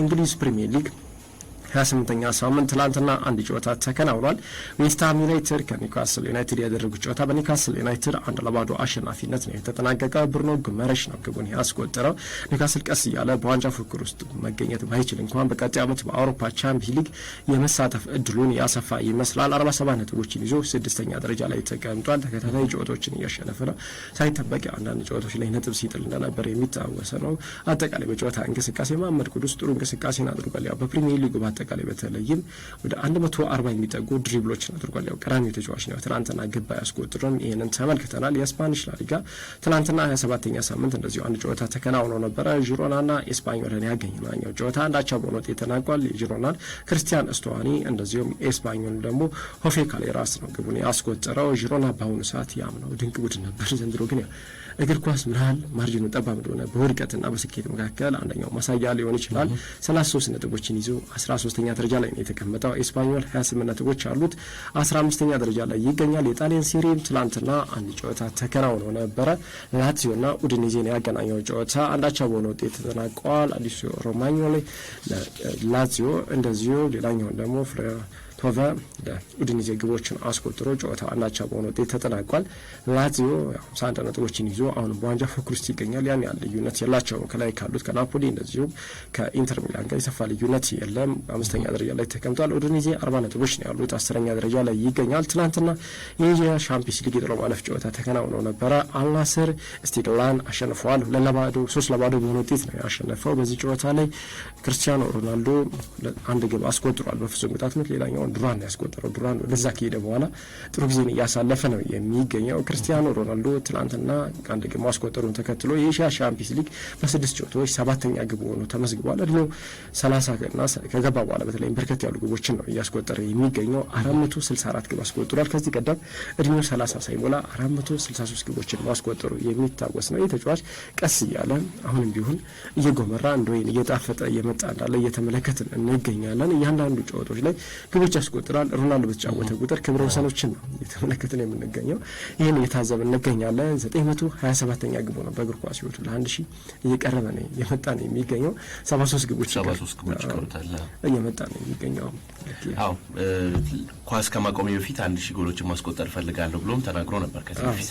እንግሊዝ ፕሪምየር ሊግ 28ኛ ሳምንት ትላንትና አንድ ጨዋታ ተከናውኗል። ዌስትሃም ዩናይትድ ከኒውካስል ዩናይትድ ያደረጉት ጨዋታ በኒውካስል ዩናይትድ አንድ ለባዶ አሸናፊነት ነው የተጠናቀቀ። ብሩኖ ጉመረሽ ነው ግቡን ያስቆጠረው። ኒውካስል ቀስ እያለ በዋንጫ ፉክክር ውስጥ መገኘት ባይችል እንኳን በቀጣይ ዓመት በአውሮፓ ቻምፒ ሊግ የመሳተፍ እድሉን ያሰፋ ይመስላል። 47 ነጥቦችን ይዞ ስድስተኛ ደረጃ ላይ ተቀምጧል። ተከታታይ ጨዋታዎችን እያሸነፈ ነው። ሳይጠበቅ አንዳንድ ጨዋታዎች ላይ ነጥብ ሲጥል እንደነበር የሚታወሰ ነው። አጠቃላይ በጨዋታ እንቅስቃሴ መሀመድ ቅዱስ ጥሩ እንቅስቃሴን አድርጓል። ያው በፕሪሚየር ሊጉ አጠቃላይ በተለይም ወደ 140 የሚጠጉ ድሪብሎችን አድርጓል። ያው ቀዳሚው ተጫዋች ነው። ትናንትና ግብ አያስቆጥርም። ይህንን ተመልክተናል። የስፓኒሽ ላሊጋ ትናንትና 27ኛ ሳምንት እንደዚሁ አንድ ጨዋታ ተከናውኖ ነበረ። ዢሮናና ኤስፓኞልን ያገኘናኛው ጨዋታ አንዳቸው በሆነ ውጤት ተናቋል። የዢሮናን ክርስቲያን እስቶዋኒ እንደዚሁም ኤስፓኞል ደግሞ ሆፌ ካሌራስ ነው ግቡን ያስቆጠረው። ዢሮና በአሁኑ ሰዓት ያም ነው ድንቅ ቡድን ነበር። ዘንድሮ ግን እግር ኳስ ምናል ማርጅኑ ጠባብ እንደሆነ በውድቀትና በስኬት መካከል አንደኛው ማሳያ ሊሆን ይችላል። 33 ነጥቦችን ይዞ 13 አምስተኛ ደረጃ ላይ ነው የተቀመጠው። ኤስፓኞል 28 ነጥቦች አሉት፣ 15ኛ ደረጃ ላይ ይገኛል። የጣሊያን ሴሪም ትላንትና አንድ ጨዋታ ተከናውኖ ነበረ። ላትዚዮና ኡድኒዜን ያገናኘው ጨዋታ አንዳቻ በሆነ ውጤት ተጠናቋል። አዲሱ ሮማኞ ላይ ላትዚዮ እንደዚሁ ሌላኛውን ደግሞ ሆቨ ኡዲኔዜ ግቦችን አስቆጥሮ ጨዋታ አናቻ በሆነ ውጤት ተጠናቋል። ላዚዮ ሃምሳ ነጥቦችን ይዞ አሁንም በዋንጃ ፉክክር ውስጥ ይገኛል። ያን ያህል ልዩነት የላቸውም ከላይ ካሉት ከናፖሊ እንደዚሁም ከኢንተር ሚላን ጋር የሰፋ ልዩነት የለም። አምስተኛ ደረጃ ላይ ተቀምጧል። ኡድኒዜ አርባ ነጥቦች ነው ያሉት፣ አስረኛ ደረጃ ላይ ይገኛል። ትናንትና የሻምፒዮንስ ሊግ የጥሎ ማለፍ ጨዋታ ተከናውነው ነበረ። አልናስር ስቲድላን አሸንፈዋል። ለባዶ ሶስት ለባዶ በሆነ ውጤት ነው ያሸነፈው። በዚህ ጨዋታ ላይ ክርስቲያኖ ሮናልዶ አንድ ግብ አስቆጥሯል በፍጹም ቅጣት ምት ሌላኛውን ዱራን ያስቆጠረው። ዱራን ወደዛ ከሄደ በኋላ ጥሩ ጊዜን እያሳለፈ ነው የሚገኘው። ክርስቲያኖ ሮናልዶ ትላንትና አንድ ግብ ማስቆጠሩን ተከትሎ የኤሽያ ሻምፒየንስ ሊግ በስድስት ጨዋታዎች ሰባተኛ ግብ ሆኖ ተመዝግቧል። እድሜው ሰላሳ ና ከገባ በኋላ በተለይም በርከት ያሉ ግቦችን ነው እያስቆጠረ የሚገኘው። አራት መቶ ስልሳ አራት ግብ አስቆጥሯል። ከዚህ ቀደም እድሜው ሰላሳ ሳይሞላ አራት መቶ ስልሳ ሶስት ግቦችን ማስቆጠሩ የሚታወስ ነው። ይህ ተጫዋች ቀስ እያለ አሁንም ቢሆን እየጎመራ እንደወይን እየጣፈጠ እየመጣ እንዳለ እየተመለከትን እንገኛለን። እያንዳንዱ ጨዋታዎች ላይ ግቦች ያስቆጥራል። ሮናልዶ በተጫወተ ቁጥር ክብረ ወሰኖችን ነው የተመለከትን የምንገኘው። ይህን እየታዘብ እንገኛለን ዘጠኝ መቶ ሀያ ሰባተኛ ግቡ ነው በእግር ኳስ ህይወቱ ለአንድ ሺህ እየቀረበ ነው የመጣ ነው የሚገኘው። ሰባ 73 ግቦች እየመጣ ነው የሚገኘው። ኳስ ከማቆሚ በፊት አንድ ሺህ ጎሎችን ማስቆጠር እፈልጋለሁ ብሎም ተናግሮ ነበር ከዚህ በፊት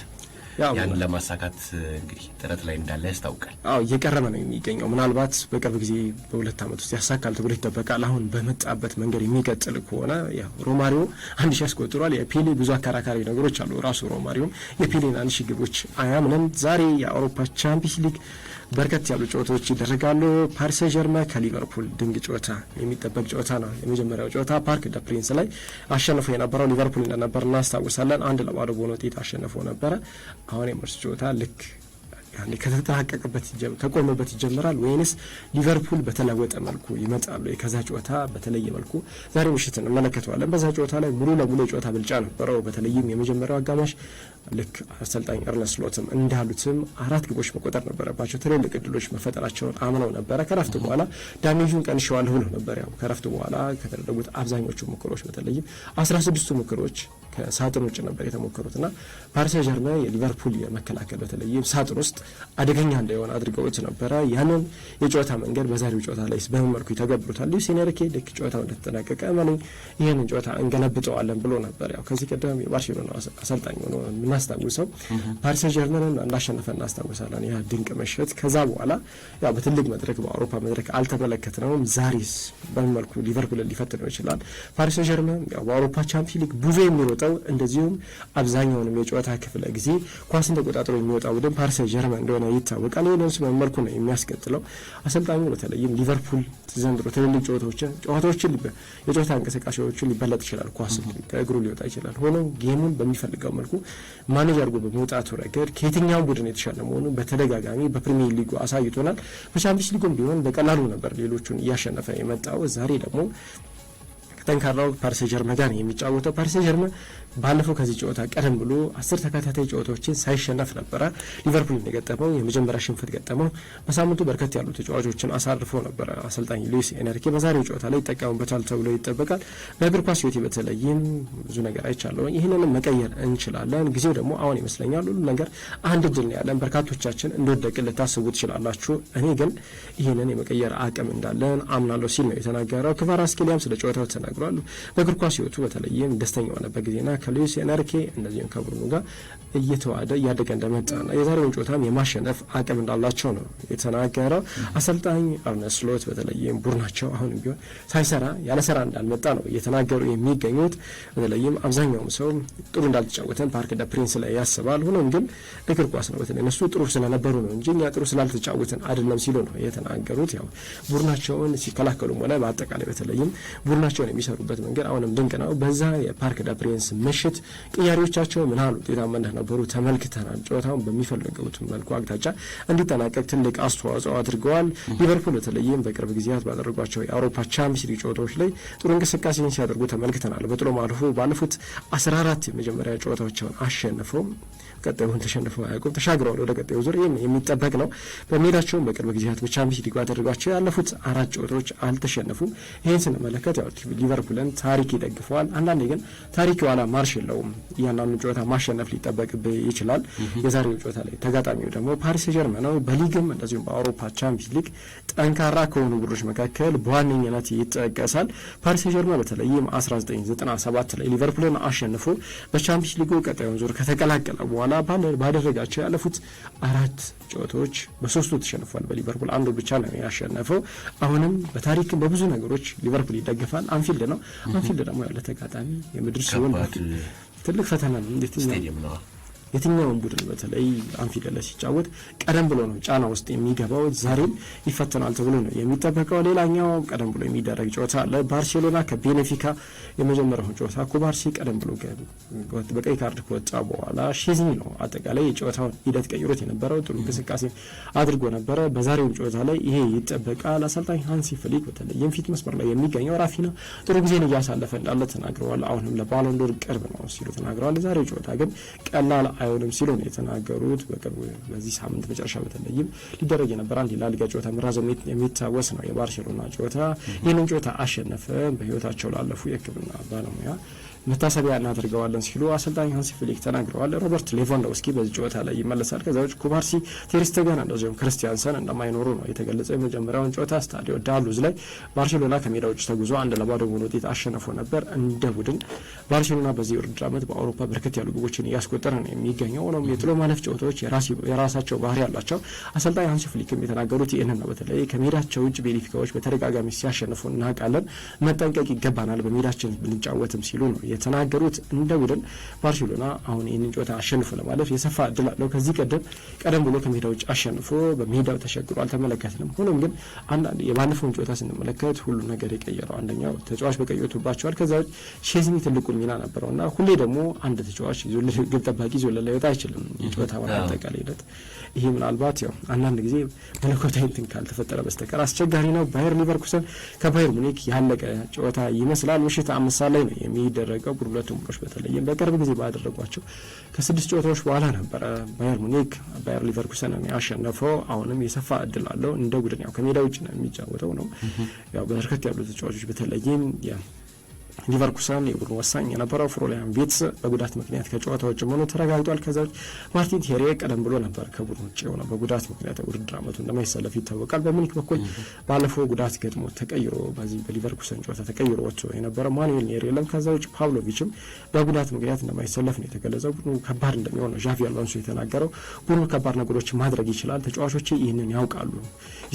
ያን ለማሳካት እንግዲህ ጥረት ላይ እንዳለ ያስታውቃል። አዎ እየቀረበ ነው የሚገኘው። ምናልባት በቅርብ ጊዜ በሁለት ዓመት ውስጥ ያሳካል ተብሎ ይጠበቃል። አሁን በመጣበት መንገድ የሚቀጥል ከሆነ ሮማሪዮ አንድ ሺ ያስቆጥሯል። የፔሌ ብዙ አከራካሪ ነገሮች አሉ። ራሱ ሮማሪዮም የፔሌን አንድ ሺ ግቦች አያምንም። ዛሬ የአውሮፓ ቻምፒንስ ሊግ በርከት ያሉ ጨዋታዎች ይደረጋሉ። ፓሪሰ ሰን ጀርመ ከሊቨርፑል ድንቅ ጨዋታ የሚጠበቅ ጨዋታ ነው። የመጀመሪያው ጨዋታ ፓርክ ደ ፕሪንስ ላይ አሸንፎ የነበረው ሊቨርፑል እንደነበር እናስታውሳለን። አንድ ለባዶ በሆነ ውጤት አሸንፎ ነበረ። አሁን የምርስ ችሎታ ልክ ከተጠናቀቀበት ከቆመበት ይጀምራል ወይንስ ሊቨርፑል በተለወጠ መልኩ ይመጣሉ? ከዛ ጨዋታ በተለየ መልኩ ዛሬ ምሽት እንመለከተዋለን። በዛ ጨዋታ ላይ ሙሉ ለሙሉ የጨዋታ ብልጫ ነበረው። በተለይም የመጀመሪያው አጋማሽ ልክ አሰልጣኝ ኤርነ ስሎትም እንዳሉትም አራት ግቦች መቆጠር ነበረባቸው። ትልልቅ እድሎች መፈጠራቸውን አምነው ነበረ። ከረፍት በኋላ ዳሜጁን ቀንሸዋለሁ ነው ነበር ያው ከረፍት በኋላ ከተደረጉት አብዛኞቹ ሙከሮች በተለይም አስራ ስድስቱ ሙከሮች ከሳጥን ውጭ ነበር የተሞከሩት እና ጀርመን የሊቨርፑል የመከላከል በተለይም ሳጥን ውስጥ አደገኛ እንዳይሆን አድርገውት ነበረ። ያንን የጨዋታ መንገድ በዛሬው ጨዋታ ላይ በምን መልኩ ይተገብሩታል? ሉዊስ ኤንሪኬ ልክ ጨዋታው እንደተጠናቀቀ መኔ ይህንን ጨዋታ እንገለብጠዋለን ብሎ ነበር። ያው ከዚህ ቀደም የባርሴሎና አሰልጣኝ ሆኖ የምናስታውሰው ፓሪስ ጀርመንን እንዳሸነፈ እናስታውሳለን። ያ ድንቅ ምሽት ከዛ በኋላ ያው በትልቅ መድረክ በአውሮፓ መድረክ አልተመለከትነውም። ዛሬስ በምን መልኩ ሊቨርፑልን ሊፈትነው ይችላል? ፓሪስ ጀርመን በአውሮፓ ቻምፒዮን ሊግ ብዙ የሚሮጠው እንደዚሁም አብዛኛውንም የጨዋታ ክፍለ ጊዜ ኳስን ተቆጣጥሮ የሚወጣ ቡድን ፓሪስ ጀርመን እንደሆነ ይታወቃል። ይህንን መልኩ ነው የሚያስቀጥለው አሰልጣኙ። በተለይም ሊቨርፑል ዘንድሮ ትልልቅ ጨዋታዎችን ጨዋታዎችን የጨዋታ እንቅስቃሴዎችን ሊበለጥ ይችላል፣ ኳስ ከእግሩ ሊወጣ ይችላል። ሆኖም ጌሙን በሚፈልገው መልኩ ማኔጅ አድርጎ በመውጣቱ ረገድ ከየትኛው ቡድን የተሻለ መሆኑ በተደጋጋሚ በፕሪሚየር ሊጉ አሳይቶናል። በቻምፒየንስ ሊጉም ቢሆን በቀላሉ ነበር ሌሎቹን እያሸነፈ የመጣው። ዛሬ ደግሞ ከጠንካራው ፓሪስ ጀርመን ጋር የሚጫወተው ፓሪስ ጀርመን ባለፈው ከዚህ ጨዋታ ቀደም ብሎ አስር ተከታታይ ጨዋታዎችን ሳይሸነፍ ነበረ ሊቨርፑልን የገጠመው። የመጀመሪያ ሽንፈት ገጠመው። በሳምንቱ በርከት ያሉ ተጫዋቾችን አሳርፎ ነበረ አሰልጣኝ ሉዊስ ኤንሪኬ። በዛሬው ጨዋታ ላይ ይጠቀሙበታል ተብሎ ይጠበቃል። በእግር ኳስ ህይወት በተለይም ብዙ ነገር አይቻለሁ። ይህንንም መቀየር እንችላለን። ጊዜው ደግሞ አሁን ይመስለኛል። ሁሉ ነገር አንድ እድል ነው ያለን። በርካቶቻችን እንደወደቅ ልታስቡ ትችላላችሁ። እኔ ግን ይህንን የመቀየር አቅም እንዳለን አምናለሁ ሲል ነው የተናገረው። ክቫራስኪሊያም ስለ ጨዋታው ተናግሯል። በእግር ኳስ ህይወቱ በተለይም ደስተኛ የሆነበት ጊዜና ከሉዊስ ኤንሪኬ እንደዚሁም ከቡድኑ ጋር እየተዋደ እያደገ እንደመጣና የዛሬውን ጨዋታም የማሸነፍ አቅም እንዳላቸው ነው የተናገረው አሰልጣኝ አርነ ስሎት። በተለይም ቡድናቸው አሁንም ቢሆን ሳይሰራ ያለሰራ እንዳልመጣ ነው እየተናገሩ የሚገኙት። በተለይም አብዛኛውም ሰው ጥሩ እንዳልተጫወተን ፓርክ ደ ፕሪንስ ላይ ያስባል። ሆኖም ግን እግር ኳስ ነው። በተለይ እነሱ ጥሩ ስለነበሩ ነው እንጂ እኛ ጥሩ ስላልተጫወትን አይደለም ሲሉ ነው የተናገሩት። ያው ቡድናቸውን ሲከላከሉም ሆነ በአጠቃላይ በተለይም ቡድናቸውን የሚሰሩበት መንገድ አሁንም ድንቅ ነው። በዛ የፓርክ ደ ፕሪንስ ምሽት ቅያሪዎቻቸው ምን ያህል ውጤታማ እንደነበሩ ተመልክተናል። ጨዋታውን በሚፈለገውት መልኩ አቅጣጫ እንዲጠናቀቅ ትልቅ አስተዋጽኦ አድርገዋል። ሊቨርፑል በተለይም በቅርብ ጊዜያት ባደረጓቸው የአውሮፓ ቻምፒየንስ ሊግ ጨዋታዎች ላይ ጥሩ እንቅስቃሴን ሲያደርጉ ተመልክተናል። በጥሎ ማለፉ ባለፉት አስራ አራት የመጀመሪያ ጨዋታዎቻቸውን አሸንፈው ቀጣዩን ተሸንፈው አያውቁም። ተሻግረዋል ወደ ቀጣዩ ዙር የሚጠበቅ ነው። በሜዳቸውም በቅርብ ጊዜያት በቻምፒየንስ ሊግ ያደረጓቸው ያለፉት አራት ጨዋታዎች አልተሸነፉም። ይህን ስንመለከት ያው ሊቨርፑልን ታሪክ ይደግፈዋል። አንዳንዴ ግን ታሪክ የኋላ ማርሽ የለውም። እያንዳንዱ ጨዋታ ማሸነፍ ሊጠበቅብህ ይችላል። የዛሬው ጨዋታ ላይ ተጋጣሚው ደግሞ ፓሪስ ጀርመ ነው። በሊግም እንደዚሁም በአውሮፓ ቻምፒዮንስ ሊግ ጠንካራ ከሆኑ ቡድኖች መካከል በዋነኝነት ይጠቀሳል። ፓሪስ ጀርመ በተለይም 1997 ላይ ሊቨርፑልን አሸንፎ በቻምፒዮንስ ሊጉ ቀጣዩን ዙር ከተቀላቀለ በኋላ ኋላ ባደረጋቸው ያለፉት አራት ጨዋታዎች በሶስቱ ተሸንፏል። በሊቨርፑል አንዱ ብቻ ነው ያሸነፈው። አሁንም በታሪክም በብዙ ነገሮች ሊቨርፑል ይደግፋል። አንፊልድ ነው። አንፊልድ ደግሞ ያለ ተጋጣሚ የምድር ሲሆን ትልቅ ፈተና ነው። እንዴት የትኛውን ቡድን በተለይ አንፊልድ ላይ ሲጫወት ቀደም ብሎ ነው ጫና ውስጥ የሚገባው። ዛሬም ይፈተናል ተብሎ ነው የሚጠበቀው። ሌላኛው ቀደም ብሎ የሚደረግ ጨዋታ አለ። ባርሴሎና ከቤኔፊካ የመጀመሪያውን ጨዋታ ኩባርሲ ቀደም ብሎ በቀይ ካርድ ከወጣ በኋላ ሺዝኒ ነው አጠቃላይ የጨዋታውን ሂደት ቀይሮት የነበረው። ጥሩ እንቅስቃሴ አድርጎ ነበረ። በዛሬውም ጨዋታ ላይ ይሄ ይጠበቃል። አሰልጣኝ ሃንሲ ፍሊክ በተለይም ፊት መስመር ላይ የሚገኘው ራፊና ጥሩ ጊዜን እያሳለፈ እንዳለ ተናግረዋል። አሁንም ለባሎንዶር ቅርብ ነው ሲሉ ተናግረዋል። ዛሬው ጨዋታ ግን ቀላል አይሆንም ሲሉ ነው የተናገሩት። በቅርቡ በዚህ ሳምንት መጨረሻ በተለይም ሊደረግ የነበረ አንድ ላሊጋ ጨዋታ መራዘሙ የሚታወስ ነው። የባርሴሎና ጨዋታ ይህንን ጨዋታ አሸነፈ። በህይወታቸው ላለፉ የክብና ባለሙያ መታሰቢያ እናደርገዋለን ሲሉ አሰልጣኝ ሃንሲ ፊሊክ ተናግረዋል። ሮበርት ሌቫንዶውስኪ በዚህ ጨዋታ ላይ ይመለሳል። ከዛ ውጭ ኩባርሲ፣ ቴርስተገን እንደዚሁም ክርስቲያንሰን እንደማይኖሩ ነው የተገለጸው። የመጀመሪያውን ጨዋታ ስታዲዮ ዳሉዝ ላይ ባርሴሎና ከሜዳ ውጭ ተጉዞ አንድ ለባዶ በሆነ ውጤት አሸንፎ ነበር። እንደ ቡድን ባርሴሎና በዚህ ውድድር ዓመት በአውሮፓ በርከት ያሉ ግቦችን እያስቆጠረ ነው የሚገኘው። ሆኖም የጥሎ ማለፍ ጨዋታዎች የራሳቸው ባህሪ ያላቸው አሰልጣኝ ሃንሲ ፊሊክም የተናገሩት ይህንን ነው። በተለይ ከሜዳቸው ውጭ ቤኒፊካዎች በተደጋጋሚ ሲያሸንፉ እናውቃለን፣ መጠንቀቅ ይገባናል፣ በሜዳችን ብንጫወትም ሲሉ ነው የተናገሩት። እንደ ቡድን ባርሴሎና አሁን ይህንን ጨዋታ አሸንፎ ለማለፍ የሰፋ እድል አለው። ከዚህ ቀደም ቀደም ብሎ ከሜዳ ውጭ አሸንፎ በሜዳው ተሸግሮ አልተመለከትንም። ሆኖም ግን አንዳንድ የባለፈውን ጨዋታ ስንመለከት ሁሉ ነገር የቀየረው አንደኛው ተጫዋች በቀየቱባቸዋል። ከዛ ውጭ ሼዝኒ ትልቁን ሚና ነበረውና ሁሌ ደግሞ አንድ ተጫዋች ግብ ጠባቂ ይዞ ላይወጣ አይችልም። የጨዋታ አጠቃላይ ሂደት ይሄ ምናልባት ያው አንዳንድ ጊዜ መለኮታዊ እንትን ካልተፈጠረ በስተቀር አስቸጋሪ ነው። ባየር ሊቨርኩሰን ከባየር ሙኒክ ያለቀ ጨዋታ ይመስላል። ምሽት አምስት ሰዓት ላይ ነው የሚደረግ ሲቀቡ ሁለቱም ቡድኖች በተለይም በቅርብ ጊዜ ባደረጓቸው ከስድስት ጨዋታዎች በኋላ ነበረ ባየር ሙኒክ ባየር ሊቨርኩሰን ያሸነፈው። አሁንም የሰፋ እድል አለው እንደ ቡድን ያው ከሜዳ ውጭ ነው የሚጫወተው ነው ያው በርከት ያሉ ተጫዋቾች በተለይም ሊቨርኩሰን የቡድን ወሳኝ የነበረው ፍሮሊያን ቪትስ በጉዳት ምክንያት ከጨዋታ ውጭ መሆኑ ተረጋግጧል። ከዛ ውጭ ማርቲን ቴሬ ቀደም ብሎ ነበር ከቡድን ውጭ የሆነ በጉዳት ምክንያት ውድድር አመቱ እንደማይሰለፍ ይታወቃል። በሙኒክ በኩል ባለፈው ጉዳት ገጥሞ ተቀይሮ በዚህ በሊቨርኩሰን ጨዋታ ተቀይሮ ወጥቶ የነበረ ማኑኤል ኔር የለም። ከዛ ውጭ ፓብሎቪችም በጉዳት ምክንያት እንደማይሰለፍ ነው የተገለጸው። ቡድኑ ከባድ እንደሚሆነው ዣቪ አሎንሶ የተናገረው ቡድኑ ከባድ ነገሮች ማድረግ ይችላል፣ ተጫዋቾች ይህንን ያውቃሉ፣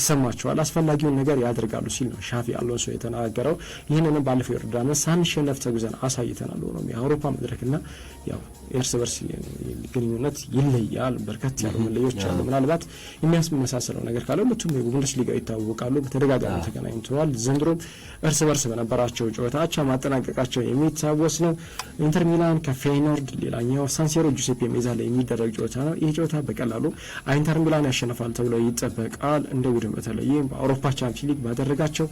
ይሰማቸዋል፣ አስፈላጊውን ነገር ያደርጋሉ ሲል ነው ሻቪ አሎንሶ የተናገረው። ይህንንም ባለፈው የውድድር ሳንሸነፍ ተጉዘን አሳይተናል። ሆኖም የአውሮፓ መድረክና ያው የእርስ በርስ ግንኙነት ይለያል። በርከት ያሉ መለዮች አሉ። ምናልባት የሚያስመሳሰለው ነገር ካለ ሁለቱም ሊጋ ይታወቃሉ። በተደጋጋሚ ተገናኝተዋል። ዘንድሮ እርስ በርስ በነበራቸው ጨዋታ አቻ ማጠናቀቃቸው የሚታወስ ነው። ኢንተር ሚላን ከፌይኖርድ ሌላኛው ሳንሴሮ ጁሴፔ ሜዛ ላይ የሚደረግ ጨዋታ ነው። ይህ ጨዋታ በቀላሉ ኢንተር ሚላን ያሸንፋል ተብሎ ይጠበቃል። እንደ ቡድን በተለይ በአውሮፓ ቻምፒዮንስ ሊግ ባደረጋቸው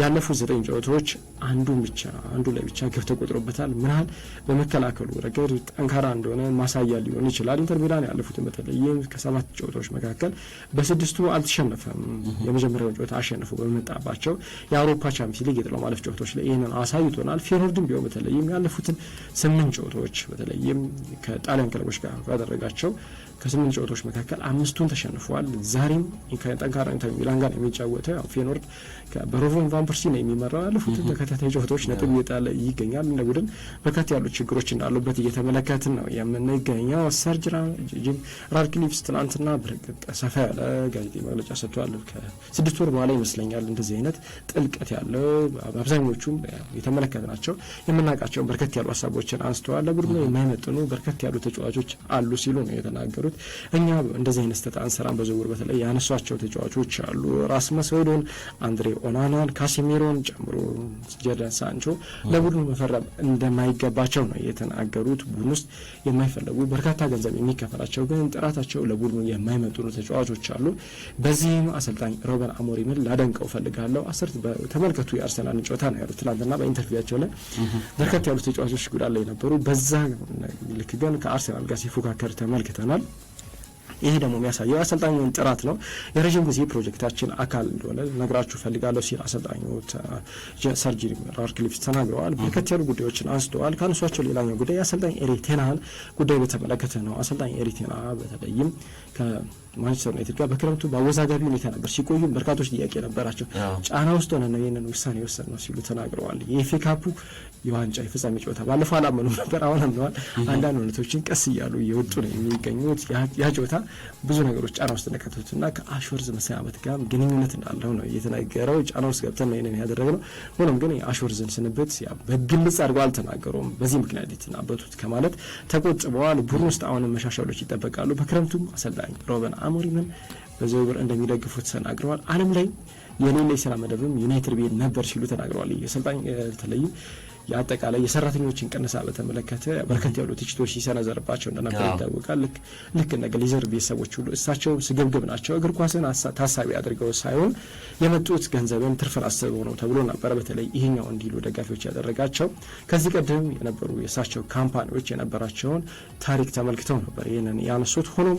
ያለፉት ዘጠኝ ጨዋታዎች አንዱን ብቻ አንዱ ላይ ብቻ ግብ ተቆጥሮበታል። ምን ያህል በመከላከሉ ረገድ ጠንካራ እንደሆነ ማሳያ ሊሆን ይችላል። ኢንተር ሚላን ያለፉትን በተለይም ከሰባት ጨዋታዎች መካከል በስድስቱ አልተሸነፈም። የመጀመሪያውን ጨዋታ አሸንፎ በመጣባቸው የአውሮፓ ቻምፒዮንስ ሊግ የጥሎ ማለፍ ጨዋታዎች ላይ ይህንን አሳይቶናል። ፌኖርድም ቢሆን በተለይም ያለፉትን ስምንት ጨዋታዎች በተለይም ከጣሊያን ክለቦች ጋር ያደረጋቸው ከስምንት ጨዋታዎች መካከል አምስቱን ተሸንፈዋል። ዛሬም ከጠንካራ ኢንተር ሚላን ጋር የሚጫወተው ፌኖርድ በሮቨን ቫን ነው የሚመራው። ያለፉትን ተከታታይ ጨዋታዎች ነጥብ እየጣለ ይገኛል። እንደ ቡድን በርካታ ያሉ ችግሮች እንዳሉበት እየተመለከትን ነው የምንገኘው። ሰርጅ ራድክሊፍስ ትናንትና በርግጥ ሰፋ ያለ ጋዜጣዊ መግለጫ ሰጥተዋል። ከስድስት ወር በኋላ ይመስለኛል እንደዚህ አይነት ጥልቀት ያለው አብዛኞቹም ናቸው የምናውቃቸውን በርከት ያሉ ሀሳቦችን አንስተዋል። ለቡድኑ የማይመጥኑ በርከት ያሉ ተጫዋቾች አሉ ሲሉ ነው የተናገሩት። ያሉት። እኛ እንደዚህ አይነት ስህተት አንሰራም። በዝውውር በተለይ ያነሷቸው ተጫዋቾች አሉ ራስመስ ሆይሉንድን፣ አንድሬ ኦናናን፣ ካሲሜሮን ጨምሮ ጀደን ሳንቾ ለቡድኑ መፈረም እንደማይገባቸው ነው የተናገሩት። ቡድን ውስጥ የማይፈለጉ በርካታ ገንዘብ የሚከፈላቸው ግን ጥራታቸው ለቡድኑ የማይመጡ ተጫዋቾች አሉ። በዚህም አሰልጣኝ ሮበን አሞሪምን ላደንቀው ፈልጋለሁ። አስርት ተመልከቱ የአርሰናልን ጨዋታ ነው ያሉት ትናንትና በኢንተርቪያቸው ላይ በርካታ ያሉት ተጫዋቾች ጉዳት ላይ ነበሩ። በዛ ልክ ግን ከአርሰናል ጋር ሲፎካከር ተመልክተናል። ይሄ ደግሞ የሚያሳየው የአሰልጣኙን ጥራት ነው፣ የረዥም ጊዜ ፕሮጀክታችን አካል እንደሆነ ነግራችሁ ፈልጋለሁ ሲል አሰልጣኙ ሰር ጂም ራትክሊፍ ተናግረዋል። በርከት ያሉ ጉዳዮችን አንስተዋል። ከአንሷቸው ሌላኛው ጉዳይ የአሰልጣኝ ኤሪክ ቴን ሃግ ጉዳይ በተመለከተ ነው። አሰልጣኝ ኤሪክ ቴን ሃግ በተለይም ማንቸስተር ዩናይትድ ጋር በክረምቱ በአወዛጋቢ ሁኔታ ነበር ሲቆዩ በርካቶች ጥያቄ ነበራቸው። ጫና ውስጥ ሆነ ነው ይህንን ውሳኔ የወሰድ ነው ሲሉ ተናግረዋል። የኤፌ ካፑ የዋንጫ የፍጻሜ ጨዋታ ባለፈው አላመኑም ነበር፣ አሁን አምነዋል። አንዳንድ እውነቶችን ቀስ እያሉ እየወጡ ነው የሚገኙት። ያ ጨዋታ ብዙ ነገሮች ጫና ውስጥ ነከቱት እና ከአሽወርዝ መሰናበት ጋር ግንኙነት እንዳለው ነው የተናገረው። ጫና ውስጥ ገብተን ነው ይህንን ነው። ሆኖም ግን የአሽወርዝን ስንብት በግልጽ አድርገው አልተናገሩም። በዚህ ምክንያት የተናበቱት ከማለት ተቆጥበዋል። ቡድን ውስጥ አሁንም መሻሻሎች ይጠበቃሉ። በክረምቱም አሰልጣኝ ሮበን አሞሪምም በዝውውር እንደሚደግፉት ተናግረዋል። ዓለም ላይ የሌለ የስራ መደብም ዩናይትድ ቤት ነበር ሲሉ ተናግረዋል። አሰልጣኝ በተለይም የአጠቃላይ የሰራተኞችን ቅነሳ በተመለከተ በርከት ያሉ ትችቶች ይሰነዘርባቸው እንደነበር ይታወቃል። ልክ ልክ እነ ግሌዘር ቤተሰቦች ሁሉ እሳቸው ስግብግብ ናቸው፣ እግር ኳስን ታሳቢ አድርገው ሳይሆን የመጡት ገንዘብን ትርፍን አስበው ነው ተብሎ ነበረ። በተለይ ይህኛው እንዲሉ ደጋፊዎች ያደረጋቸው ከዚህ ቀደም የነበሩ የእሳቸው ካምፓኒዎች የነበራቸውን ታሪክ ተመልክተው ነበር ይህንን ያነሱት። ሆኖም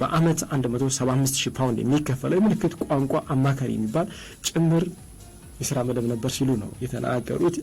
በአመት 175 ሺህ ፓውንድ የሚከፈለው የምልክት ቋንቋ አማካሪ የሚባል ጭምር የስራ መደብ ነበር ሲሉ ነው የተናገሩት።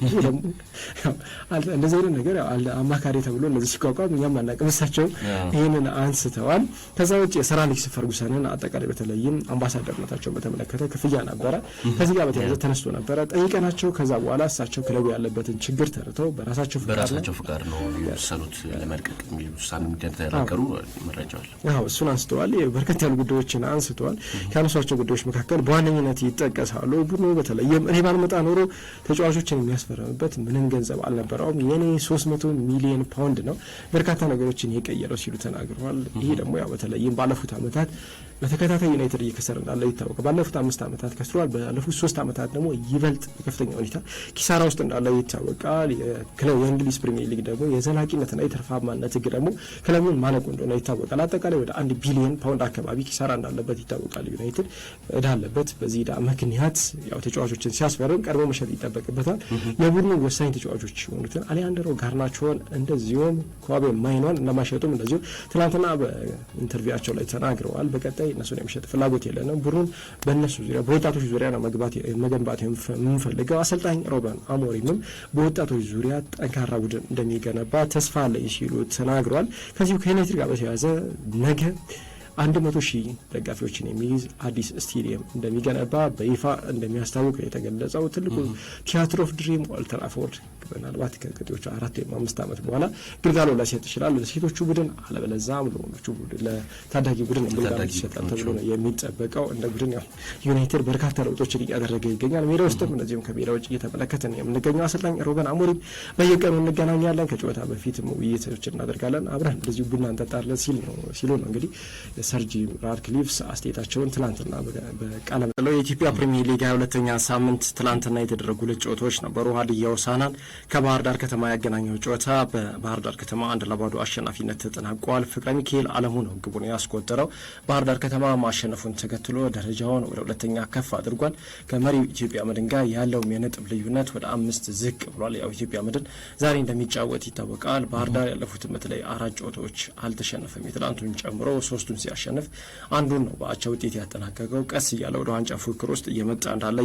እንደዚህ አይነት ነገር አማካሪ ተብሎ እነዚህ ሲቋቋም እኛም አናውቅም፣ እሳቸውም ይህንን አንስተዋል። ከዛ ውጭ የሰር አሌክስ ፈርጉሰንን አጠቃላይ በተለይም አምባሳደርነታቸውን በተመለከተ ክፍያ ነበረ ከዚህ ጋር በተያያዘ ተነስቶ ነበረ ጠይቀናቸው። ከዛ በኋላ እሳቸው ክለቡ ያለበትን ችግር ተርተው በራሳቸው በራሳቸው ፍቃድ ነው የወሰኑት ለመልቀቅ የሚል ውሳኔ እንደተናገሩ መረጃዋል። እሱን አንስተዋል። በርከት ያሉ ጉዳዮችን አንስተዋል። ከአነሷቸው ጉዳዮች መካከል በዋነኝነት ይጠቀሳሉ። ቡድኑ በተለይም እኔ ባልመጣ ኖሮ ተጫዋቾችን የሚያስፈረምበት ምንም ገንዘብ አልነበረውም። የኔ 300 ሚሊዮን ፓውንድ ነው በርካታ ነገሮችን የቀየረው ሲሉ ተናግረዋል። ይሄ ደግሞ ያው በተለይም ባለፉት አመታት በተከታታይ ዩናይትድ እየከሰረ እንዳለ ይታወቀ ባለፉት አምስት ዓመታት ከስሯል። ባለፉት ሶስት ዓመታት ደግሞ ይበልጥ በከፍተኛ ሁኔታ ኪሳራ ውስጥ እንዳለ ይታወቃል። ክለቡ የእንግሊዝ ፕሪሚየር ሊግ ደግሞ የዘላቂነትና የተርፋማነት ህግ ደግሞ ክለቡን ማነቆ እንደሆነ ይታወቃል። አጠቃላይ ወደ አንድ ቢሊዮን ፓውንድ አካባቢ ኪሳራ እንዳለበት ይታወቃል። ዩናይትድ እዳለበት በዚህ እዳ ምክንያት ያው ተጫዋቾችን ሲያስፈርም ቀድሞ መሸጥ ይጠበቅበታል። የቡድኑ ወሳኝ ተጫዋቾች የሆኑትን አሊያንደሮ ጋርናቸውን እንደዚሁም ኮቤ ማይኗን ለማሸጡም እንደዚሁ ትናንትና በኢንተርቪዋቸው ላይ ተናግረዋል። በቀጣይ ላይ እነሱን የመሸጥ ፍላጎት የለንም። ቡድኑን በእነሱ ዙሪያ በወጣቶች ዙሪያ ነው መገንባት የምንፈልገው። አሰልጣኝ ሮበን አሞሪምም በወጣቶች ዙሪያ ጠንካራ ቡድን እንደሚገነባ ተስፋ አለኝ ሲሉ ተናግሯል። ከዚሁ ከዩናይትድ ጋር በተያያዘ ነገ 100 ሺህ ደጋፊዎችን የሚይዝ አዲስ ስቴዲየም እንደሚገነባ በይፋ እንደሚያስታውቅ የተገለጸው ትልቁ ቲያትር ኦፍ ድሪም ኦልድ አፎርድ ምናልባት ከቅጤዎቹ አራት ወይም አምስት ዓመት በኋላ ግልጋሎ ሊሰጥ ይችላል ለሴቶቹ ቡድን፣ አለበለዛም ለወንዶቹ ቡድን ለታዳጊ ቡድን ግልጋሎ ይሰጣል ተብሎ ነው የሚጠበቀው። እንደ ቡድን ያው ዩናይትድ በርካታ ለውጦችን እያደረገ ይገኛል። ሜዳ ውስጥም እነዚህም ከሜዳ ውጭ እየተመለከትን የምንገኘው አሰልጣኝ ሮበን አሞሪም በየቀኑ እንገናኛለን፣ ከጨዋታ በፊትም ውይይቶች እናደርጋለን፣ አብረን እንደዚሁ ቡና እንጠጣለን ሲሉ ነው እንግዲህ ሰርጂ ራትክሊፍስ አስተያየታቸውን ትላንትና በቃለ የኢትዮጵያ ፕሪሚየር ሊግ 22ኛ ሳምንት ትላንትና የተደረጉ ሁለት ጨዋታዎች ነበሩ። ሀዲያ ሆሳዕናን ከባህር ዳር ከተማ ያገናኘው ጨዋታ በባህር ዳር ከተማ አንድ ለባዶ አሸናፊነት ተጠናቋል። ፍቅረ ሚካኤል አለሙ ነው ግቡን ያስቆጠረው። ባህር ዳር ከተማ ማሸነፉን ተከትሎ ደረጃውን ወደ ሁለተኛ ከፍ አድርጓል። ከመሪው ኢትዮጵያ መድን ጋር ያለውም የነጥብ ልዩነት ወደ አምስት ዝቅ ብሏል። ያው ኢትዮጵያ መድን ዛሬ እንደሚጫወት ይታወቃል። ባህር ዳር ያለፉትን በተለይ አራት ጨዋታዎች አልተሸነፈም። የትላንቱን ጨምሮ ሶስቱን ሲያ ሲያሸንፍ አንዱን ነው በአቻ ውጤት ያጠናቀቀው። ቀስ እያለ ወደ ዋንጫ ፉክክር ውስጥ እየመጣ እንዳለ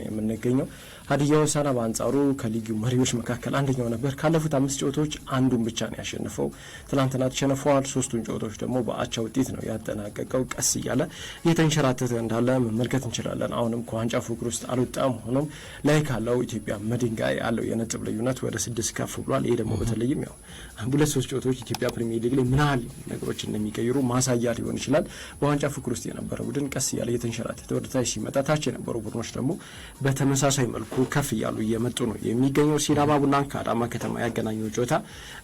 ነው የምንገኘው። ሀዲያ ሆሳዕና በአንጻሩ ከልዩ መሪዎች መካከል አንደኛው ነበር። ካለፉት አምስት ጨዋታዎች አንዱን ብቻ ነው ያሸንፈው። ትናንትና ተሸንፈዋል። ሶስቱን ጨዋታዎች ደግሞ በአቻ ውጤት ነው ያጠናቀቀው። ቀስ እያለ እየተንሸራተተ እንዳለ መመልከት እንችላለን። አሁንም ከዋንጫ ፉክክር ውስጥ አልወጣም። ሆኖም ላይ ካለው ኢትዮጵያ መድን ጋር ያለው የነጥብ ልዩነት ወደ ስድስት ከፍ ብሏል። ይሄ ደግሞ በተለይም ያው ሁለት ሶስት ጨዋታዎች ኢትዮጵያ ፕሪሚየር ሊግ ላይ ምን ያህል ነገሮች እንደሚቀይሩ ማሳያ ክፍያ ሊሆን ይችላል። በዋንጫ ፍክር ውስጥ የነበረ ቡድን ቀስ እያለ እየተንሸራተተ ወደ ታች ሲመጣ ታች የነበሩ ቡድኖች ደግሞ በተመሳሳይ መልኩ ከፍ እያሉ እየመጡ ነው የሚገኘው። ሲዳማ ቡና ከአዳማ ከተማ ያገናኘው ጨዋታ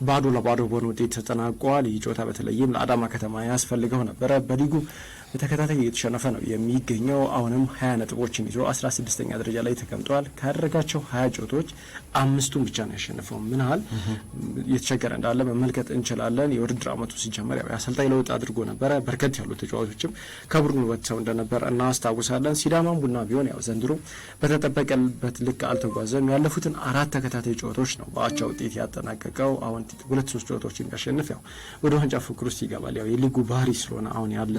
ባዶ ለባዶ በሆነ ውጤት ተጠናቋል። ይህ ጨዋታ በተለይም ለአዳማ ከተማ ያስፈልገው ነበረ በሊጉ በተከታታይ እየተሸነፈ ነው የሚገኘው። አሁንም ሀያ ነጥቦችን ይዞ አስራ ስድስተኛ ደረጃ ላይ ተቀምጧል። ካደረጋቸው ሀያ ጨዋታዎች አምስቱን ብቻ ነው ያሸነፈው። ምን ያህል እየተቸገረ እንዳለ መመልከት እንችላለን። የውድድር ዓመቱ ሲጀመር ያው የአሰልጣኝ ለውጥ አድርጎ ነበረ። በርከት ያሉ ተጫዋቾችም ከቡድኑ ወጥተው እንደነበር እናስታውሳለን። ሲዳማን ቡና ቢሆን ያው ዘንድሮ በተጠበቀበት ልክ አልተጓዘም። ያለፉትን አራት ተከታታይ ጨዋታዎች ነው በአቻ ውጤት ያጠናቀቀው። አሁን ሁለት ሶስት ጨዋታዎች የሚያሸንፍ ያው ወደ ዋንጫ ፉክክር ውስጥ ይገባል። ያው የሊጉ ባህሪ ስለሆነ አሁን ያለ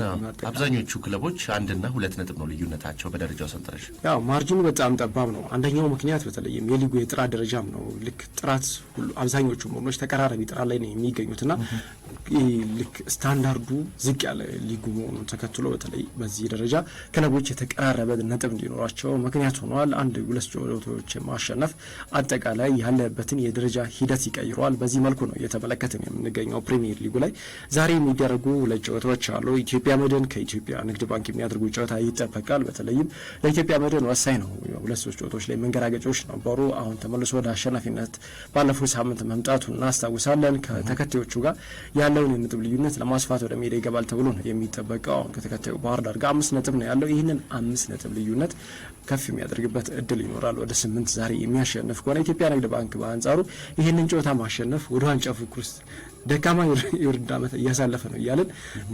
አብዛኞቹ ክለቦች አንድና ሁለት ነጥብ ነው ልዩነታቸው በደረጃው ሰንጠረዥ። ያው ማርጅኑ በጣም ጠባብ ነው። አንደኛው ምክንያት በተለይም የሊጉ የጥራት ደረጃም ነው። ልክ ጥራት ሁሉ አብዛኞቹ ቡድኖች ተቀራራቢ ጥራት ላይ ነው የሚገኙትና ልክ ስታንዳርዱ ዝቅ ያለ ሊጉ መሆኑን ተከትሎ በተለይ በዚህ ደረጃ ክለቦች የተቀራረበ ነጥብ እንዲኖራቸው ምክንያት ሆነዋል። አንድ ሁለት ጨዋታዎች ማሸነፍ አጠቃላይ ያለበትን የደረጃ ሂደት ይቀይረዋል። በዚህ መልኩ ነው እየተመለከትን የምንገኘው ፕሪሚየር ሊጉ ላይ ዛሬ የሚደረጉ ሁለት ጨዋታዎች አሉ። ኢትዮጵያ መድን ከኢትዮ ኢትዮጵያ ንግድ ባንክ የሚያደርጉ ጨዋታ ይጠበቃል። በተለይም ለኢትዮጵያ መድን ወሳኝ ነው። ሁለት ሶስት ጨዋታዎች ላይ መንገራገጫዎች ነበሩ። አሁን ተመልሶ ወደ አሸናፊነት ባለፈው ሳምንት መምጣቱ እናስታውሳለን። ከተከታዮቹ ጋር ያለውን የነጥብ ልዩነት ለማስፋት ወደ ሜዳ ይገባል ተብሎ ነው የሚጠበቀው። አሁን ከተከታዩ ባህር ዳር ጋር አምስት ነጥብ ነው ያለው። ይህንን አምስት ነጥብ ልዩነት ከፍ የሚያደርግበት እድል ይኖራል። ወደ ስምንት ዛሬ የሚያሸንፍ ከሆነ ኢትዮጵያ ንግድ ባንክ በአንጻሩ ይህንን ጨዋታ ማሸነፍ ወደ ዋንጫ ፉክክር ውስጥ ደካማ የውድድር ዓመት እያሳለፈ ነው እያለን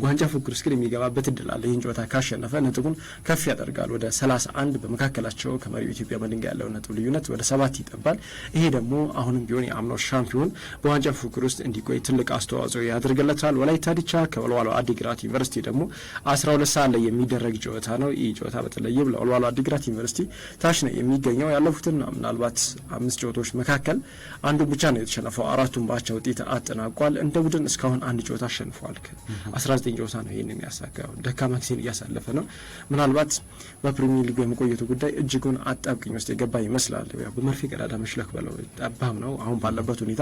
ዋንጫ ፉክክር እስክል የሚገባበት እድል አለ። ይህን ጨዋታ ካሸነፈ ነጥቡን ከፍ ያደርጋል ወደ 31 በመካከላቸው ከመሪው ኢትዮጵያ መድን ጋር ያለው ነጥብ ልዩነት ወደ ሰባት ይጠባል። ይሄ ደግሞ አሁንም ቢሆን የአምናው ሻምፒዮን በዋንጫ ፉክክር ውስጥ እንዲቆይ ትልቅ አስተዋጽኦ ያደርግለታል። ወላይታ ዲቻ ከወልዋሎ አዲግራት ዩኒቨርሲቲ ደግሞ 12 ሰዓት ላይ የሚደረግ ጨዋታ ነው። ይህ ጨዋታ በተለይም ለወልዋሎ አዲግራት ዩኒቨርሲቲ ታች ነው የሚገኘው። ያለፉትን ምናልባት አምስት ጨዋታዎች መካከል አንዱን ብቻ ነው የተሸነፈው፣ አራቱን ባቻ ውጤት አጠናቋል። እንደ ቡድን እስካሁን አንድ ጨዋታ አሸንፏል። 19 ጨዋታ ነው ይህን የሚያሳካው። ደካማ ጊዜን እያሳለፈ ነው። ምናልባት በፕሪሚየር ሊግ የመቆየቱ ጉዳይ እጅጉን አጣብቂኝ ውስጥ የገባ ይመስላል። በመርፌ ቀዳዳ መሽለክ በለው ጠባብ ነው አሁን ባለበት ሁኔታ።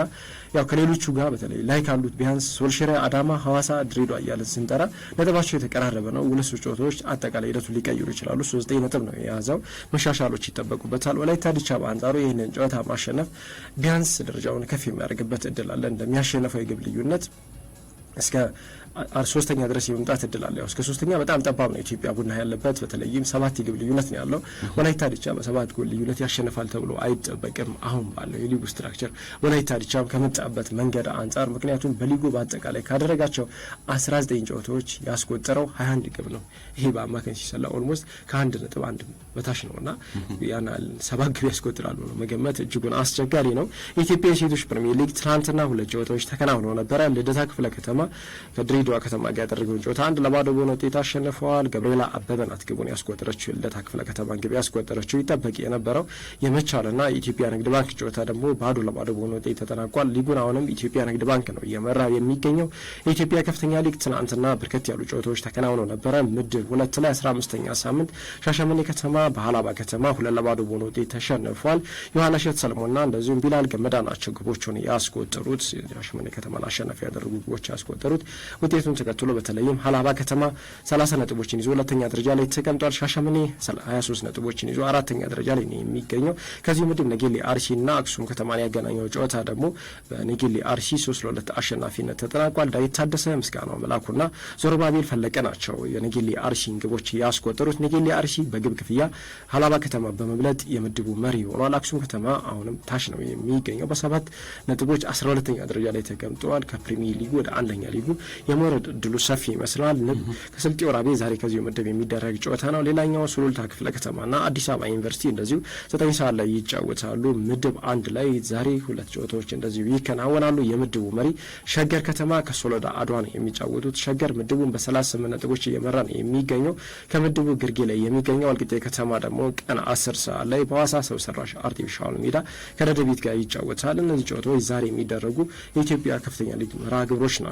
ያው ከሌሎቹ ጋር በተለይ ላይ ካሉት ቢያንስ ሶልሽራ፣ አዳማ፣ ሐዋሳ፣ ድሬዳዋ እያለን ስንጠራ ነጥባቸው የተቀራረበ ነው። ሁለት ጨዋታዎች አጠቃላይ ሂደቱን ሊቀይሩ ይችላሉ። ሶስት ነጥብ ነው የያዘው። መሻሻሎች ይጠበቁበታል። ወላይታ ዲቻ በአንጻሩ ይህንን ጨዋታ ማሸነፍ ቢያንስ ደረጃውን ከፍ የሚያደርግበት እድል አለ እንደሚያሸነፈው የግብ ልዩነት እስከ ሶስተኛ ድረስ የመምጣት እድል አለ። እስከ ሶስተኛ በጣም ጠባብ ነው ኢትዮጵያ ቡና ያለበት በተለይም ሰባት የግብ ልዩነት ነው ያለው። ወላይታ ድቻ በሰባት ጎል ልዩነት ያሸንፋል ተብሎ አይጠበቅም አሁን ባለው የሊጉ ስትራክቸር ወላይታ ድቻም ከመጣበት መንገድ አንጻር ምክንያቱም በሊጉ በአጠቃላይ ካደረጋቸው 19 ጨዋታዎች ያስቆጠረው 21 ግብ ነው። ይሄ በአማካኝ ሲሰላ ኦልሞስት ከአንድ ነጥብ አንድ በታች ነው እና ያን ሰባት ግብ ያስቆጥራሉ ነው መገመት እጅጉን አስቸጋሪ ነው። የኢትዮጵያ ሴቶች ፕሪሚየር ሊግ ትናንትና ሁለት ጨዋታዎች ተከናውነው ነበረ። ልደታ ክፍለ ከተማ ከድሬ ከድሬዳዋ ከተማ ጋር ያደረገውን ጨዋታ አንድ ለባዶ በሆነ ውጤት አሸንፈዋል። ገብርኤላ አበበ ናት ግቡን ያስቆጠረችው። ልደታ ክፍለ ከተማን ግብ ያስቆጠረችው። ይጠበቅ የነበረው የመቻልና የኢትዮጵያ ንግድ ባንክ ጨዋታ ደግሞ ባዶ ለባዶ በሆነ ውጤት ተጠናቋል። ሊጉን አሁንም ኢትዮጵያ ንግድ ባንክ ነው እየመራ የሚገኘው። የኢትዮጵያ ከፍተኛ ሊግ ትናንትና በርከት ያሉ ጨዋታዎች ተከናውነው ነበረ። ምድብ ሁለት ላይ አስራ አምስተኛ ሳምንት ሻሸመኔ ከተማ በሀላባ ከተማ ሁለት ለባዶ በሆነ ውጤት ተሸንፏል። ዮሐንስ ሸት ሰለሞንና እንደዚሁም ቢላል ገመዳ ናቸው ግቦቹን ያስቆጠሩት ሻሸመኔ ከተማን አሸናፊ ያደረጉ ግቦች ያስቆጠሩት ውጤቱን ተከትሎ በተለይም ሀላባ ከተማ 30 ነጥቦችን ይዞ ሁለተኛ ደረጃ ላይ ተቀምጧል። ሻሸምኔ 23 ነጥቦችን ይዞ አራተኛ ደረጃ ላይ ነው የሚገኘው። ከዚህ ምድብ ነጌሌ አርሲና አክሱም ከተማን ያገናኘው ጨዋታ ደግሞ በነጌሌ አርሲ 3 ለሁለት አሸናፊነት ተጠናቋል። ዳዊት ታደሰ፣ ምስጋናው ና ዞርባቤል ፈለቀ ናቸው የነጌሌ አርሲን ግቦች ያስቆጠሩት። ነጌሌ አርሲ በግብ ክፍያ ሀላባ ከተማ በመብለጥ የምድቡ መሪ ሆኗል። አክሱም ከተማ አሁንም ታች ነው የሚገኘው በሰባት ነጥቦች 12ኛ ደረጃ ላይ ተቀምጠዋል። ከፕሪሚየር ሊጉ ወደ አንደኛ ሊጉ ለመኖር እድሉ ሰፊ ይመስላል። ከስልጤ ወራቤ ዛሬ ከዚሁ ምድብ የሚደረግ ጨዋታ ነው። ሌላኛው ሱሉልታ ክፍለ ከተማና አዲስ አበባ ዩኒቨርሲቲ እንደዚሁ ዘጠኝ ሰዓት ላይ ይጫወታሉ። ምድብ አንድ ላይ ዛሬ ሁለት ጨዋታዎች እንደዚሁ ይከናወናሉ። የምድቡ መሪ ሸገር ከተማ ከሶሎዳ አድዋ ነው የሚጫወቱት። ሸገር ምድቡን በሰላሳ ስምንት ነጥቦች እየመራ ነው የሚገኘው። ከምድቡ ግርጌ ላይ የሚገኘው ወልቂጤ ከተማ ደግሞ ቀን አስር ሰዓት ላይ በሐዋሳ ሰው ሰራሽ አርቲፊሻል ሜዳ ከደደቢት ጋር ይጫወታል። እነዚህ ጨዋታዎች ዛሬ የሚደረጉ የኢትዮጵያ ከፍተኛ ሊግ መርሃ ግብሮች ናቸው።